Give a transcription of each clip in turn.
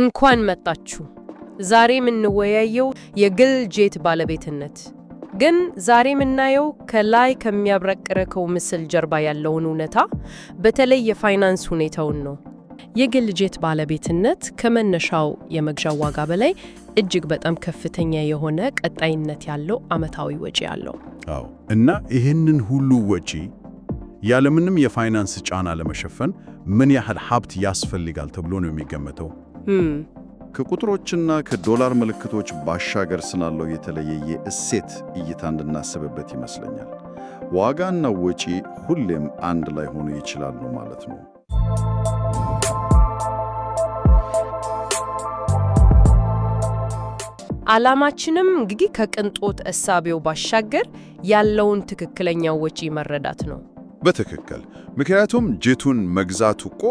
እንኳን መጣችሁ። ዛሬ የምንወያየው የግል ጄት ባለቤትነት፣ ግን ዛሬ የምናየው ከላይ ከሚያብረቀረከው ምስል ጀርባ ያለውን እውነታ፣ በተለይ የፋይናንስ ሁኔታውን ነው። የግል ጄት ባለቤትነት ከመነሻው የመግዣ ዋጋ በላይ እጅግ በጣም ከፍተኛ የሆነ ቀጣይነት ያለው ዓመታዊ ወጪ አለው። አዎ፣ እና ይህንን ሁሉ ወጪ ያለምንም የፋይናንስ ጫና ለመሸፈን ምን ያህል ሀብት ያስፈልጋል ተብሎ ነው የሚገመተው? ከቁጥሮችና ከዶላር ምልክቶች ባሻገር ስላለው የተለየ የእሴት እይታ እንድናስብበት ይመስለኛል። ዋጋና ወጪ ሁሌም አንድ ላይ ሆኖ ይችላሉ ማለት ነው። ዓላማችንም እንግዲህ ከቅንጦት እሳቤው ባሻገር ያለውን ትክክለኛ ወጪ መረዳት ነው። በትክክል ምክንያቱም ጄቱን መግዛቱ እኮ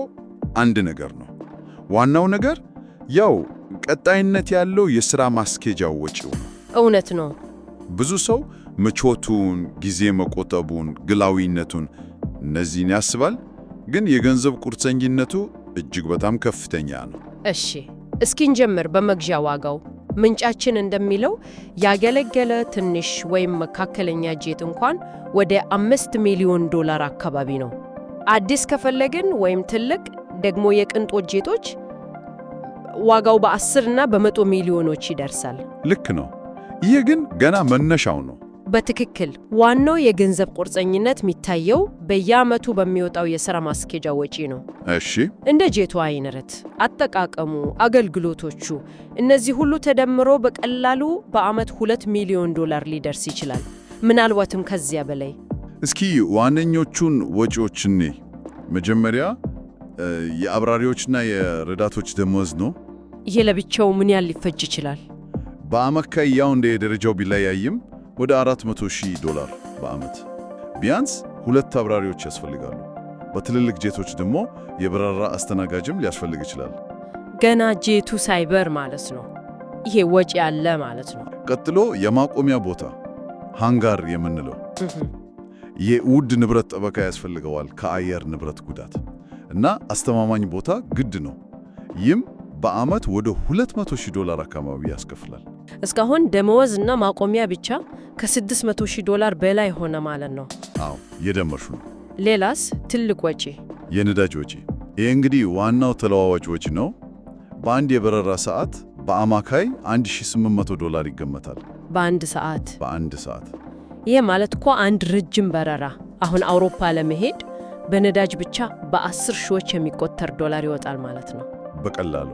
አንድ ነገር ነው። ዋናው ነገር ያው ቀጣይነት ያለው የሥራ ማስኬጃው ወጪው ነው። እውነት ነው። ብዙ ሰው ምቾቱን፣ ጊዜ መቆጠቡን፣ ግላዊነቱን እነዚህን ያስባል። ግን የገንዘብ ቁርጠኝነቱ እጅግ በጣም ከፍተኛ ነው። እሺ እስኪን ጀምር በመግዣ ዋጋው። ምንጫችን እንደሚለው ያገለገለ ትንሽ ወይም መካከለኛ ጄት እንኳን ወደ አምስት ሚሊዮን ዶላር አካባቢ ነው። አዲስ ከፈለግን ወይም ትልቅ ደግሞ የቅንጦት ጄቶች ዋጋው በአስር እና በመቶ ሚሊዮኖች ይደርሳል። ልክ ነው። ይህ ግን ገና መነሻው ነው። በትክክል ዋናው የገንዘብ ቁርጠኝነት የሚታየው በየዓመቱ በሚወጣው የሥራ ማስኬጃ ወጪ ነው። እሺ፣ እንደ ጄቶ አይነረት አጠቃቀሙ፣ አገልግሎቶቹ፣ እነዚህ ሁሉ ተደምሮ በቀላሉ በዓመት ሁለት ሚሊዮን ዶላር ሊደርስ ይችላል፣ ምናልባትም ከዚያ በላይ። እስኪ ዋነኞቹን ወጪዎችኔ መጀመሪያ የአብራሪዎችና የረዳቶች ደሞዝ ነው። ይሄ ለብቻው ምን ያህል ሊፈጅ ይችላል? በአማካይ ያው እንደ ደረጃው ቢለያይም ወደ 400 ሺህ ዶላር በዓመት ቢያንስ ሁለት አብራሪዎች ያስፈልጋሉ። በትልልቅ ጄቶች ደግሞ የበረራ አስተናጋጅም ሊያስፈልግ ይችላል። ገና ጄቱ ሳይበር ማለት ነው። ይሄ ወጪ ያለ ማለት ነው። ቀጥሎ የማቆሚያ ቦታ ሃንጋር የምንለው የውድ ንብረት ጠበቃ ያስፈልገዋል ከአየር ንብረት ጉዳት እና አስተማማኝ ቦታ ግድ ነው። ይህም በዓመት ወደ 200000 ዶላር አካባቢ ያስከፍላል። እስካሁን ደመወዝ እና ማቆሚያ ብቻ ከ 600000 ዶላር በላይ ሆነ ማለት ነው። አዎ የደመርሹ ነው። ሌላስ ትልቅ ወጪ? የነዳጅ ወጪ። ይህ እንግዲህ ዋናው ተለዋዋጭ ወጪ ነው። በአንድ የበረራ ሰዓት በአማካይ 1800 ዶላር ይገመታል። በአንድ ሰዓት በአንድ ሰዓት። ይህ ማለት እኮ አንድ ረጅም በረራ አሁን አውሮፓ ለመሄድ በነዳጅ ብቻ በአስር ሺዎች የሚቆጠር ዶላር ይወጣል ማለት ነው በቀላሉ።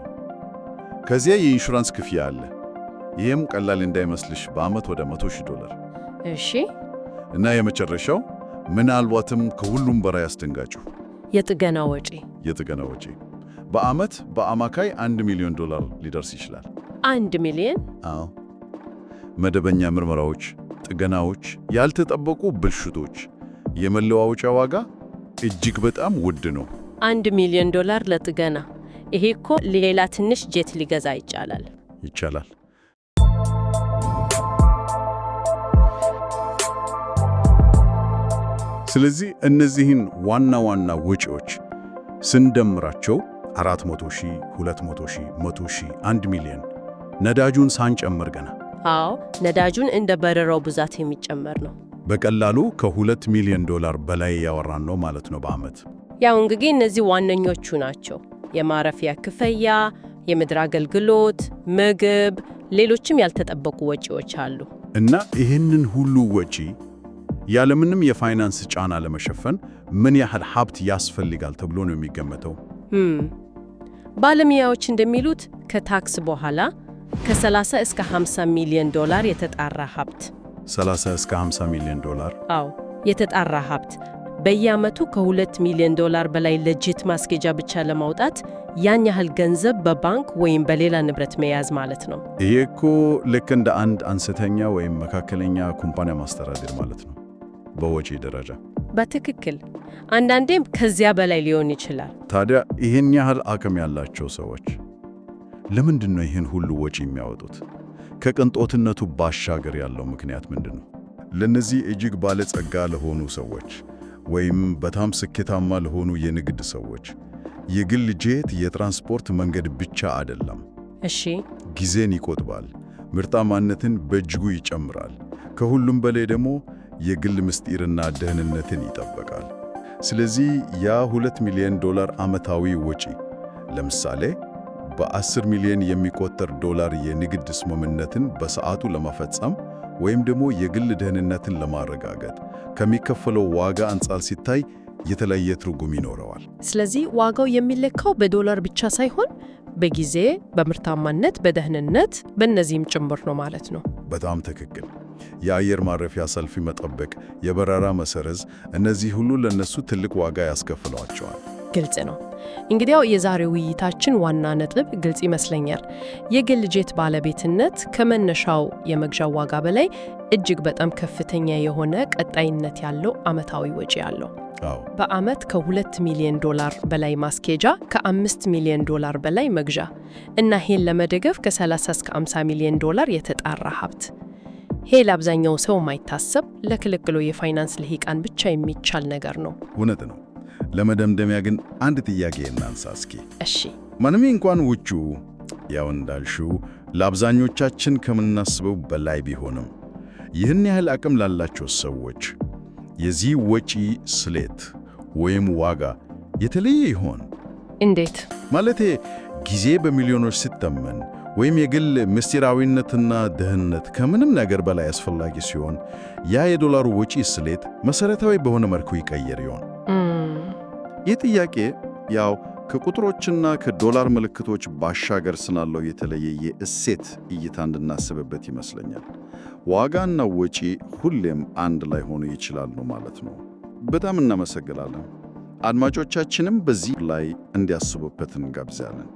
ከዚያ የኢንሹራንስ ክፍያ አለ። ይህም ቀላል እንዳይመስልሽ በዓመት ወደ መቶ ሺህ ዶላር። እሺ። እና የመጨረሻው ምናልባትም ከሁሉም በላይ አስደንጋጩ የጥገና ወጪ። የጥገና ወጪ በዓመት በአማካይ አንድ ሚሊዮን ዶላር ሊደርስ ይችላል። አንድ ሚሊዮን? አዎ። መደበኛ ምርመራዎች፣ ጥገናዎች፣ ያልተጠበቁ ብልሽቶች፣ የመለዋወጫ ዋጋ እጅግ በጣም ውድ ነው። አንድ ሚሊዮን ዶላር ለጥገና። ይሄ እኮ ሌላ ትንሽ ጄት ሊገዛ ይቻላል ይቻላል። ስለዚህ እነዚህን ዋና ዋና ወጪዎች ስንደምራቸው 400 ሺህ፣ 200 ሺህ፣ 100 ሺህ፣ 1 ሚሊዮን ነዳጁን ሳንጨምር ገና። አዎ ነዳጁን እንደ በረራው ብዛት የሚጨመር ነው። በቀላሉ ከሁለት ሚሊዮን ዶላር በላይ ያወራን ነው ማለት ነው በዓመት። ያው እንግዲህ እነዚህ ዋነኞቹ ናቸው። የማረፊያ ክፍያ፣ የምድር አገልግሎት፣ ምግብ፣ ሌሎችም ያልተጠበቁ ወጪዎች አሉ እና ይህንን ሁሉ ወጪ ያለምንም የፋይናንስ ጫና ለመሸፈን ምን ያህል ሀብት ያስፈልጋል ተብሎ ነው የሚገመተው? ባለሙያዎች እንደሚሉት ከታክስ በኋላ ከ30 እስከ 50 ሚሊዮን ዶላር የተጣራ ሀብት 30 እስከ 50 ሚሊዮን ዶላር። አዎ የተጣራ ሀብት በየዓመቱ ከ2 ሚሊዮን ዶላር በላይ ለጅት ማስጌጃ ብቻ ለማውጣት ያን ያህል ገንዘብ በባንክ ወይም በሌላ ንብረት መያዝ ማለት ነው። ይህ እኮ ልክ እንደ አንድ አነስተኛ ወይም መካከለኛ ኩምፓኒያ ማስተዳደር ማለት ነው በወጪ ደረጃ። በትክክል አንዳንዴም ከዚያ በላይ ሊሆን ይችላል። ታዲያ ይህን ያህል አቅም ያላቸው ሰዎች ለምንድን ነው ይህን ሁሉ ወጪ የሚያወጡት? ከቅንጦትነቱ ባሻገር ያለው ምክንያት ምንድን ነው? ለነዚህ እጅግ ባለጸጋ ለሆኑ ሰዎች ወይም በጣም ስኬታማ ለሆኑ የንግድ ሰዎች የግል ጄት የትራንስፖርት መንገድ ብቻ አይደለም። እሺ፣ ጊዜን ይቆጥባል፣ ምርታማነትን በእጅጉ ይጨምራል። ከሁሉም በላይ ደግሞ የግል ምስጢርና ደህንነትን ይጠበቃል። ስለዚህ ያ 2 ሚሊዮን ዶላር ዓመታዊ ወጪ ለምሳሌ በ10 ሚሊዮን የሚቆጠር ዶላር የንግድ ስምምነትን በሰዓቱ ለመፈጸም ወይም ደግሞ የግል ደህንነትን ለማረጋገጥ ከሚከፈለው ዋጋ አንጻር ሲታይ የተለያየ ትርጉም ይኖረዋል። ስለዚህ ዋጋው የሚለካው በዶላር ብቻ ሳይሆን በጊዜ፣ በምርታማነት፣ በደህንነት በእነዚህም ጭምር ነው ማለት ነው። በጣም ትክክል። የአየር ማረፊያ ሰልፊ መጠበቅ፣ የበረራ መሰረዝ፣ እነዚህ ሁሉ ለእነሱ ትልቅ ዋጋ ያስከፍለዋቸዋል። ግልጽ ነው። እንግዲያው የዛሬ ውይይታችን ዋና ነጥብ ግልጽ ይመስለኛል። የግል ጄት ባለቤትነት ከመነሻው የመግዣ ዋጋ በላይ እጅግ በጣም ከፍተኛ የሆነ ቀጣይነት ያለው ዓመታዊ ወጪ አለው። በዓመት ከ2 ሚሊዮን ዶላር በላይ ማስኬጃ፣ ከ5 ሚሊዮን ዶላር በላይ መግዣ እና ይሄን ለመደገፍ ከ30 እስከ 50 ሚሊዮን ዶላር የተጣራ ሀብት። ይሄ ለአብዛኛው ሰው ማይታሰብ ለክልክሎ የፋይናንስ ልሂቃን ብቻ የሚቻል ነገር ነው። እውነት ነው። ለመደምደሚያ ግን አንድ ጥያቄ እናንሳ እስኪ። እሺ፣ ምንም እንኳን ውጩ ያው እንዳልሹ ለአብዛኞቻችን ከምናስበው በላይ ቢሆንም ይህን ያህል አቅም ላላቸው ሰዎች የዚህ ወጪ ስሌት ወይም ዋጋ የተለየ ይሆን? እንዴት ማለቴ ጊዜ በሚሊዮኖች ሲተመን ወይም የግል ምስጢራዊነትና ደህንነት ከምንም ነገር በላይ አስፈላጊ ሲሆን ያ የዶላሩ ወጪ ስሌት መሠረታዊ በሆነ መልኩ ይቀየር ይሆን? ይህ ጥያቄ ያው ከቁጥሮችና ከዶላር ምልክቶች ባሻገር ስላለው የተለየ የእሴት እይታ እንድናስብበት ይመስለኛል። ዋጋና ወጪ ሁሌም አንድ ላይ ሆኖ ይችላሉ ማለት ነው። በጣም እናመሰግናለን። አድማጮቻችንም በዚህ ላይ እንዲያስቡበት እንጋብዛለን።